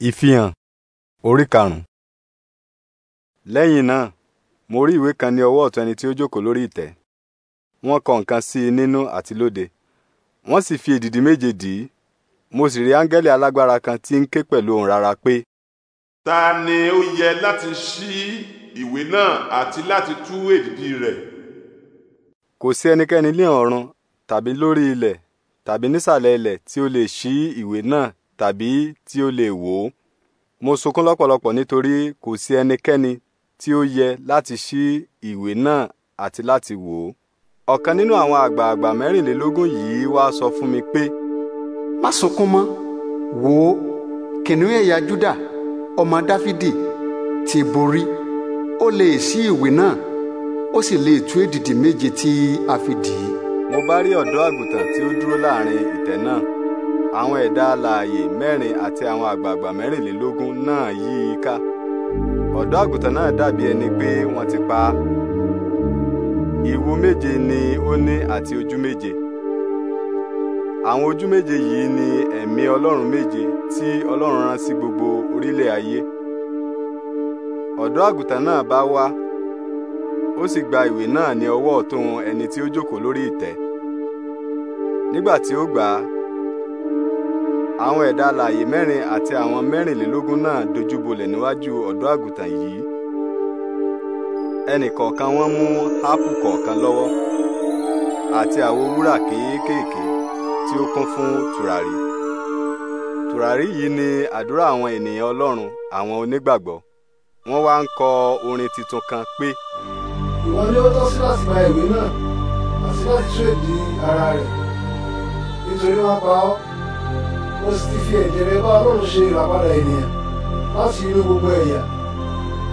ìfihàn orí karùn-ún. lẹ́yìn náà mo rí ìwé kan ní ọwọ́ ọ̀tún ẹni tí ó jókòó lórí ìtẹ́ wọ́n kọ nǹkan sí i nínú àti lóde wọ́n sì fi èdìdì méje dì í mo sì rí áńgẹ́lì alágbára kan tí ń ké pẹ̀lú ohùn rara pé. ta ni ó yẹ láti ṣí ìwé náà àti láti tú èdìdì rẹ̀. kò sí ẹnikẹ́ni ní ọ̀run tàbí lórí ilẹ̀ tàbí nísàlẹ̀ ilẹ̀ tí ó lè ṣí ìwé náà tàbí tí ó lè wò ó. mo sunkún lọ́pọ̀lọpọ̀ nítorí kò sí ẹnikẹ́ni tí ó yẹ láti ṣí ìwé náà àti láti wò ó. ọ̀kan nínú àwọn àgbààgbà mẹ́rìnlélógún yìí wá sọ fún mi pé. má sunkún mọ́ wò ó kìnìún ẹ̀yà Júdà ọmọ Dáfídì ti borí ó lè ṣí ìwé náà ó sì lè tú èdìdì méje tí a fi dì í. mo bá rí ọ̀dọ́ àgùntàn tí ó dúró láàrin ìtẹ́ náà àwọn ẹ̀dá alààyè mẹ́rin àti àwọn àgbààgbà mẹ́rìnlélógún náà yí i ká ọ̀dọ́ àgùntàn náà dàbí ẹni pé wọ́n ti pa á ìwo méje ni ó ní àti ojú méje àwọn ojú méje yìí ni ẹ̀mí ọlọ́run méje tí ọlọ́run rán sí gbogbo orílẹ̀ ayé ọ̀dọ́ àgùntàn náà bá wá ó sì gba ìwé náà ní ọwọ́ ọ̀tún ẹni tí ó jókòó lórí ìtẹ́ nígbà tí ó gbà á àwọn ẹ̀dá alààyè mẹ́rin àti àwọn mẹ́rìnlélógún náà dojúbolẹ̀ níwájú ọ̀dọ́ àgùntàn yìí ẹnì kọ̀ọ̀kan wọn mú ápù kọ̀ọ̀kan lọ́wọ́ àti àwo wúrà kéékèèké tí ó kún fún tùràrí tùràrí yìí ni àdúrà àwọn ènìyàn ọlọ́run àwọn onígbàgbọ́ wọ́n wá ń kọ orin tuntun kan pé. ìwọ ni ó tọ́ sí láti gba ìwé náà àti láti tún èdè ara rẹ̀ nítorí wọ́n pa ọ́. mo sì fi ẹ̀jẹ̀ rẹ bá ọlọ́run ṣe ìràpadà gbogbo ẹ̀yà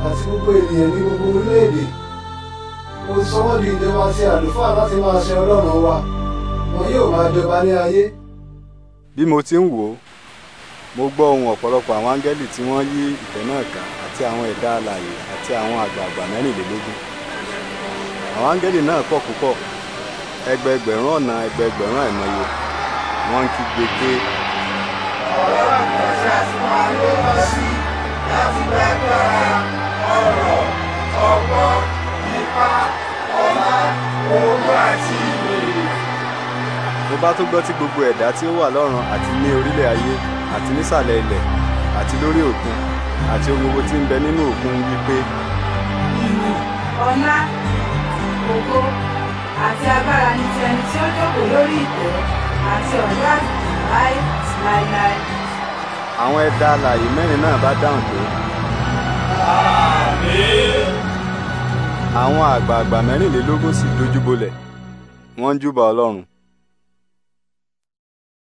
àti gbogbo ènìyàn ní gbogbo orílẹ̀-èdè ti sọ di ìjọba ti àlùfáà láti máa ṣe ọlọ́run wa wọn yóò máa jọba ní ayé. bí mo ti ń wò ó mo gbọ́ ohun ọ̀pọ̀lọpọ̀ àwọn áńgẹ́lì tí wọ́n yí ìtẹ́ náà àti àwọn ẹ̀dá àti àwọn àgbààgbà mẹ́rìnlélógún àwọn áńgẹ́lì náà pọ̀ púpọ̀ ẹgbẹẹgbẹ̀rún ọ̀nà ẹgbẹẹgbẹ̀rún àìmọye wọ́n àti máa lé wọn sí láti lágbára ọ̀rọ̀ ọgbọ́n ipá ọlá owó àti ìbéèrè. mo bá tún gbọ́ tí gbogbo ẹ̀dá tí ó wà lọ́run àti ní orílẹ̀ ayé àti nísàlẹ̀ ilẹ̀ àti lórí òkun àti ohun gbogbo tí ń bẹ nínú òkun wípé. ìyìn ọlá ògo àti agbára ni ti ẹni tí ó jókòó lórí ìtẹ́ àti ọ̀dọ́ àti láé láéláé àwọn ẹ̀dá alààyè mẹ́rin náà bá dáhùn pé. àmín. àwọn àgbààgbà mẹ́rìnlélógún sì dojú bolẹ̀ wọ́n ń júbà ọlọ́run.